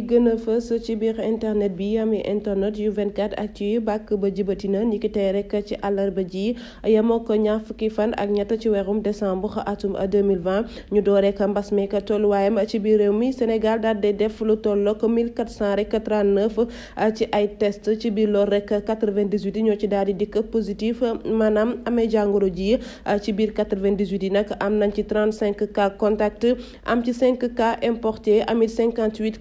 yi a fës ci biir internet bi ami internet yu 24 actu yi bàkk ba jibatina ni ki tey rek ci àllarba ji yemoo ko ñaar fukki fan ak ñett ci weerum décembre atum ñu door mbas mi ka tolluwaayam ci biir réew mi Sénégal daal di def lu tollook 1439 ci ay test ci biir loolu rek 98 ñoo ci daal di dikk positif maanaam amee jàngoro ji ci biir 98 yi nag am nañ ci 35 cas contact am ci cas importé amit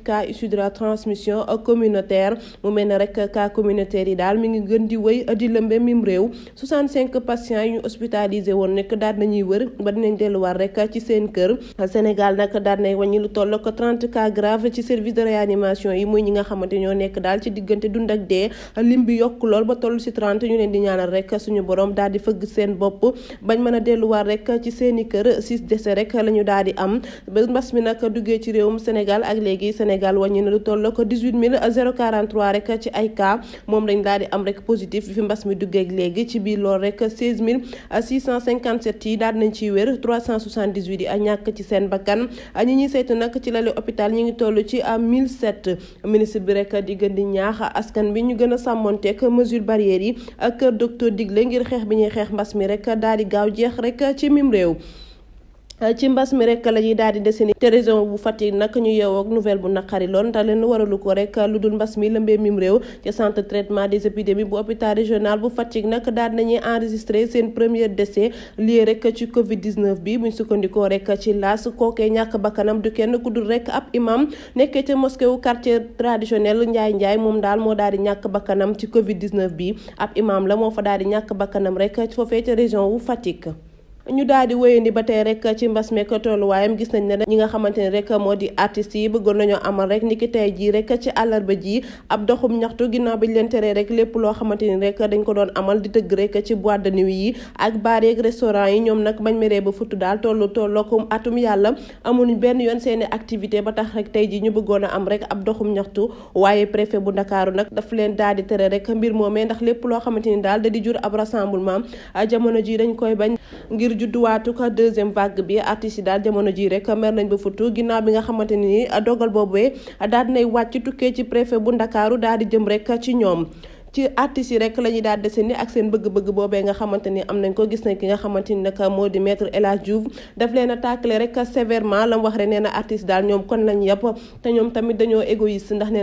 cas de la transmission communautaire mu mel ne rek cas communautaire yi daal mi ngi gën di wéy di lëmbe mim réew 65 patients yu ñu hospitalisé woon nekk daal nañuy wër ba dinañ delluwaat rek ci seen kër Sénégal nag daal nay wàññi lu toll ko 30 cas grave ci service de réanimation yi muy ñi nga xamante ñoo nekk daal ci diggante dund ak dee lim bi yokk lool ba toll ci 30 ñu leen di ñaanal rek suñu borom daal di fëgg seen bopp bañ mën a delluwaat rek ci seeni kër si dese rek la ñu daal di am ba mbas mi nag duggee ci réewum Sénégal ak léegi Sénégal ñu ne lu toll ko 18 043 rek ci ay cas moom lañ daal di am rek positif fi mbas mi duggee léegi ci biir loolu rek 16 657 yi daal nañ ciy wér 378 yi a ñàkk ci seen bakkan ñi ñuy saytu nag ci lali hôpital ñu ngi toll ci mil 1007 ministre bi rek di gën di ñaax askan bi ñu gën a sàmmonteeg mesure barrières yi kër docteur digle ngir xeex bi ñuy xeex mbas mi rek daal di gaaw jeex rek ci mim réew Eh, ci mbas mi rek la ñuy daal di desini te région bu Fatick nag ñu yeewoo ak nouvelle bu naqari lool ndax leen waralu ko rek lu dul mbas mi lëmbee mim réew ci centre traitement des épidémies bu hôpital régional bu Fatick nag daal nañuy enregistré seen premier décès lié rek ci Covid 19 bi buñ sukkandikoo rek ci laas kookee ñàkk bakkanam du kenn ku dul rek ab imam nekkee ca mosquée wu quartier traditionnel Njaay Njaay moom daal moo daal di ñàkk bakkanam ci Covid 19 bi ab imam la moo fa daal di ñàkk bakkanam rek foofee ca région wu Fatick. ñu daal di wéyandi ba tey rek ci mbas meek tolluwaayam gis nañ ne ñi nga xamante ne rek moo di artistes yi bëggoon nañoo amal rek niki tey ji rek ci àllarba ji ab doxum ñaxtu ginnaaw bi leen teree rek lépp loo xamante ni rek dañ ko doon amal di tëgg rek ci boîte de nuit yi ak bar yeeg restaurant yi ñoom nag bañ meree ba futtu daal tollu tollookum atum yàlla amuñu benn yoon seeni activité ba tax rek tey ji ñu bëggoon a am rek ab doxum ñaxtu waaye préfet bu Ndakaaru nag daf leen daal di tere rek mbir moomee ndax lépp loo xamante ni daal da di jur ab rassemblement jamono ji dañ koy bañ ngir judduwaatu ko deuxième vague bi artistes yi daal jamono ji rek mer nañ ba futu ginnaaw bi nga xamante ni dogal boobee daal dinay wàcc tukkee ci préfet bu ndakaaru daal di jëm rek ci ñoom ci artistes yi rek la daal desandi ak seen bëgg-bëgg boobee nga xamante ni am nañ ko gis nañ ki nga xamante ni nag moo di maître El Hadj a tàkkale rek sévèrement la mu wax rek nee na artiste daal ndax nee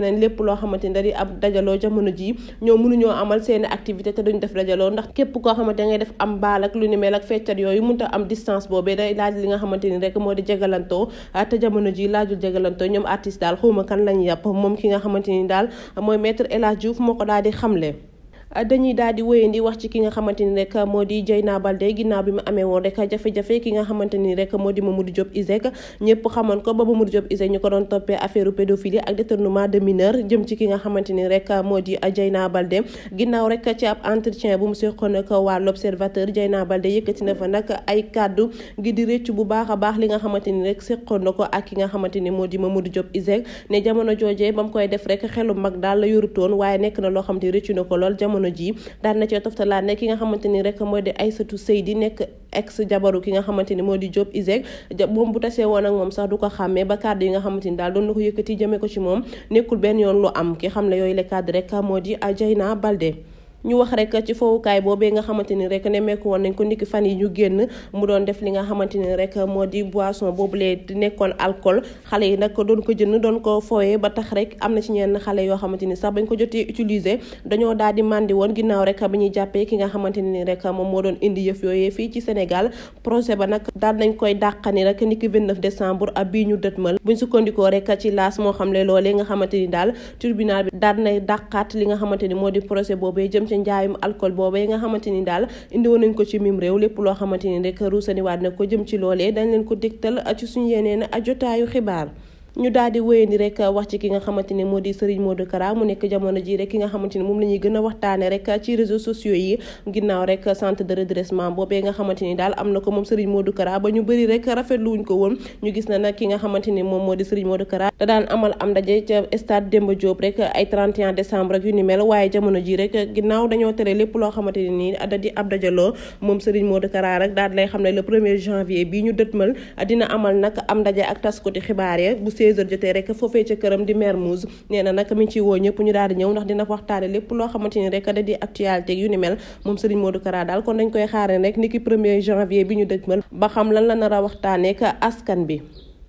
nañ lépp loo xamante ni da di ab dajaloo jamono ji ñoo mënuñoo amal seen activité te duñ def dajaloo ndax képp koo xamante ngay def am baal ak lu ni mel ak feccat yooyu mënta am distance boobee day laaj li nga xamante ni rek moo di jegalantoo ah, te jamono ji laajul jegalantoo ñoom artiste daal xawma kan lañ yàpp moom ki nga xamante ni daal mooy maître El Hadj Diouf moo ko daal di xam hamle dañuy daal di wéyandi wax ci ki nga xamante ni rek moo di Dieyna Baldé ginnaaw bi mu amee woon rek jafe ki nga xamante ni rek moo di Mamadou Diop ISEG ñëpp xamoon ko ba Mamadou Diop ISEG ñu ko doon toppee affaire pédophilie ak détournement de mineur jëm ci ki nga xamante ni rek moo di Dieyna Baldé ginnaaw rek ci ab entretien bu mu seqoon ak waa l'Observateur Dieyna Baldé yëkkati na fa nag ay kàddu ngir di rëccu bu baax a baax li nga xamante ni rek seqoon na ko ak ki nga xamante ni moo di Mamadou Diop ISEG ne jamono joojee ba mu koy def rek xelu mag daal la yorutoon waaye nekk na loo xam ne rëccu na ko lool jamono jamono jii daan na cee toftalaat ne ki nga xamante ni rek moo di Aïssatou Sey di nekk ex jabaru ki nga xamante ni moo di Diop Iseg moom bu tasee woon ak moom sax du ko xàmmee ba kàddu yi nga xamante ni daal doon na ko yëkkati jëmee ko ci moom nekkul benn yoon lu am ki xam ne yooyu la kàddu rek moo di Dieyna Baldé ñu wax rek ci fowukaay boobee nga xamante ni rek nemmeeku woon nañ ko niki fan yi ñu génn mu doon def li nga xamante ni rek moo di boisson boobulee di nekkoon alcool xale yi nag doon ko jënd doon ko fooyee ba tax rek am na ci ñenn xale yoo xamante ni sax bañ ko jotee utiliser dañoo daal di màndi woon ginnaaw rek ñuy jàppee ki nga xamante ni rek moom moo doon indi yëf yooyee fii ci Sénégal projet ba nag daal nañ koy dàqani rek niki 29 décembre ab bii ñu dëtmal buñ sukkandikoo rek ci laas moo xam ne loolee nga xamante ni daal tribunal bi daal nay dàqaat li nga xamante moo di projet boobee jëm jëm ca njaayum alcool booba yi nga xamante ni daal indi woon nañ ko ci mim réew lépp loo xamante ni rek ruusaniwaat na ko jëm ci loolee dañ leen ko dégtal ci suñu yeneen a jotaayu xibaar ñu daal di wéyandi rek wax ci ki nga xamante ni moo di Serigne Modou Kara mu nekk jamono ji rek nga xamante ni moom la ñuy gën a waxtaane rek ci réseaux sociaux yi ginnaaw rek centre de redressement boobee nga xamante ni daal am na ko moom Serigne Modou Kara ba ñu bëri rek rafetlu wuñ ko woon ñu gis na nag ki nga xamante ni moom moo di Serigne Modou Kara daan amal am ndaje ca stade Demba Diop rek ay 31 décembre ak yu ni mel waaye jamono ji rek ginnaaw dañoo tere lépp loo xamante ni nii da di loo dajaloo moom Serigne Modou Kara rek daal di lay xam ne le premier janvier bii ñu dëtmal dina amal nag am ndaje ak taskoti xibaar bu 16 heures jotee rek foofee ca këram di Mermoz nee na nag mi ci woo ñëpp ñu daal di ñëw ndax dina waxtaane lépp loo xamante ni rek da di actualité yu ni mel moom moo Modou Kara daal kon dañ koy xaaree rek niki 1er janvier bi ñu dëgmal ba xam lan la nar a waxtaanee ak askan bi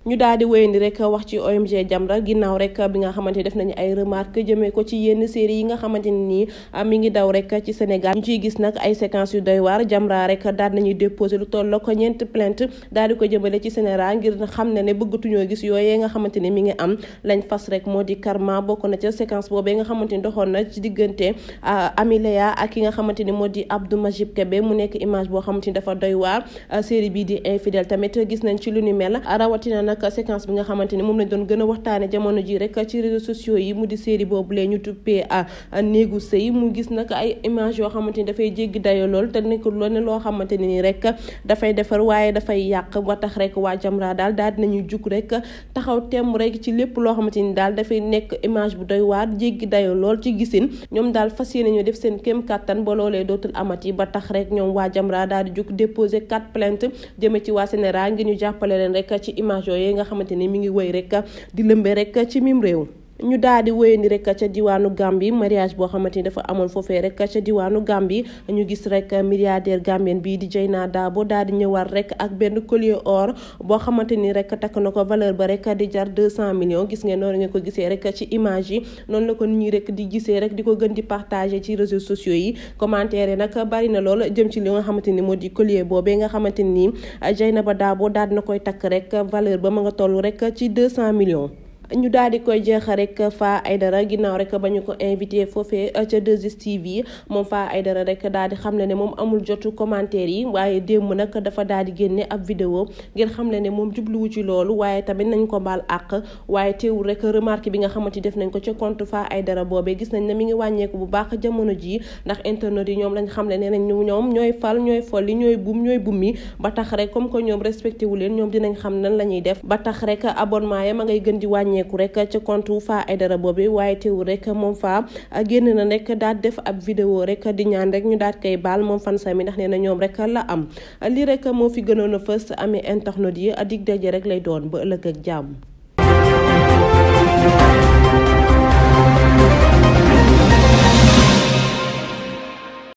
ñu daal di wéyandi rek wax ci ONG Jamra ginnaaw rek bi nga xamante ni def nañu ay remarque jëmee ko ci yenn série yi nga xamante ne nii ah, mi ngi daw rek ci Sénégal ñu ciy gis nag ay séquences yu doy waar Jamra rek daal nañuy déposé lu tolloo ko ñeent plainte daal di ko jëmale ci Sénégal ngir xam ne ne bëggatuñoo gis yooyee nga xamante ni mi ngi am lañ fas rek moo di karma bokk na ca séquence boobee nga xamante ni doxoon na ci diggante ah, Amileya ak ki nga xamante ni moo di Abdou Majib Kebe mu nekk image boo xamante ni dafa doy waar ah, série bii di infidel tamit gis nañ ci lu ni mel rawatina nag nag séquence bi nga xamante ni moom lañ doon gën a waxtaane jamono ji rek ci réseaux sociaux yi mu di série boobu lee ñu tuppee à néegu sëy mu gis nag ay image yoo xamante ni dafay jéggi dayo lool te nekkul loo ne loo xamante ni nii rek dafay defar waaye dafay yàq ba tax rek waa Jamra daal daal dinañuy jug rek taxaw temm rek ci lépp loo xamante ni daal dafay nekk image bu doy waar jéggi dayo lool ci gisin ñoom daal fas yéene ñoo def seen kéem kàttan ba loolee dootul amati ba tax rek ñoom waa Jamra daal di jug déposer quatre plaintes jëme ci waa Sénégal ngir ñu jàppale leen rek ci image yooyu yooyee nga xamante ni mi ngi woy rek di lëmbe rek ci mim réew ñu daal di wéyandi rek ca diwaanu Gambie mariage boo xamante ni dafa amoon foofee rek ca diwaanu Gambie ñu gis rek milliardaire gambien bii di Jaina Dabo daal di ñëwaat rek ak benn collier or boo xamante ni rek takk na ko valeur ba rek di jar 200 millions gis ngeen noonu nga ko gisee rek ci image yi noonu la ko nit ñi rek di gisee rek di ko gën di partager ci réseaux sociaux yi commentaire nag bari na lool jëm ci li nga xamante ni moo di collier boobee nga xamante ni Jaina Dabo daal di koy takk rek valeur ba ma nga toll rek ci 200 millions. ñu daal di koy jeex rek faa ay dara ginnaaw rek ba ñu ko invité foofee euh, ca 2STV moom Fa Aydara rek daal di xam ne ne moom amul jotu commentaire yi waaye démb nag dafa daal di génne ab vidéo ngir xam ne ne moom jubluwu ci loolu waaye tamit nañ ko baal àq waaye teewul rek remarque bi nga xamante def nañ ko ca compte Fa Aydara boobee gis nañ ne mu ngi wàññeeku bu baax jamono jii ndax internet yi ñoom lañ xam ne ne nañ ñoom ñooy fal ñooy folli ñooy bum ñooy bummi ba tax rek comme que ñoom respecté wu leen ñoom dinañ xam nan la ñuy def ba tax rek abonnement ma ngay gën di wàññee wàññeeku rek ca wu Faa ay Aidara boobu waaye teewul rek moom Faa génn na rek daal def ab vidéo rek di ñaan rek ñu daat koy baal moom fan sami ndax nee na ñoom rek la am lii rek moo fi gënoon a fës amee internet yi dig daje rek lay doon ba ëllëg ak jàmm